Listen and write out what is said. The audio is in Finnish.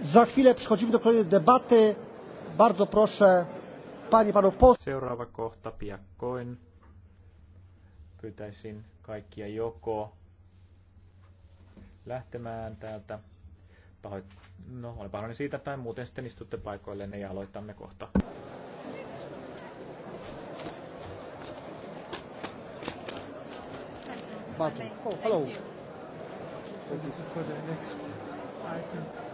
Za chwilę przechodzimy do kolejnej debaty. Bardzo proszę pani panów posłów. Seuraava kohta piakkoin. Pyytäisin kaikkia joko lähtemään täältä. Pahoit... No, olen pahoillani siitä päin, muuten sitten istutte paikoillenne ja aloitamme kohta. But, oh, hello. So this is for the next item.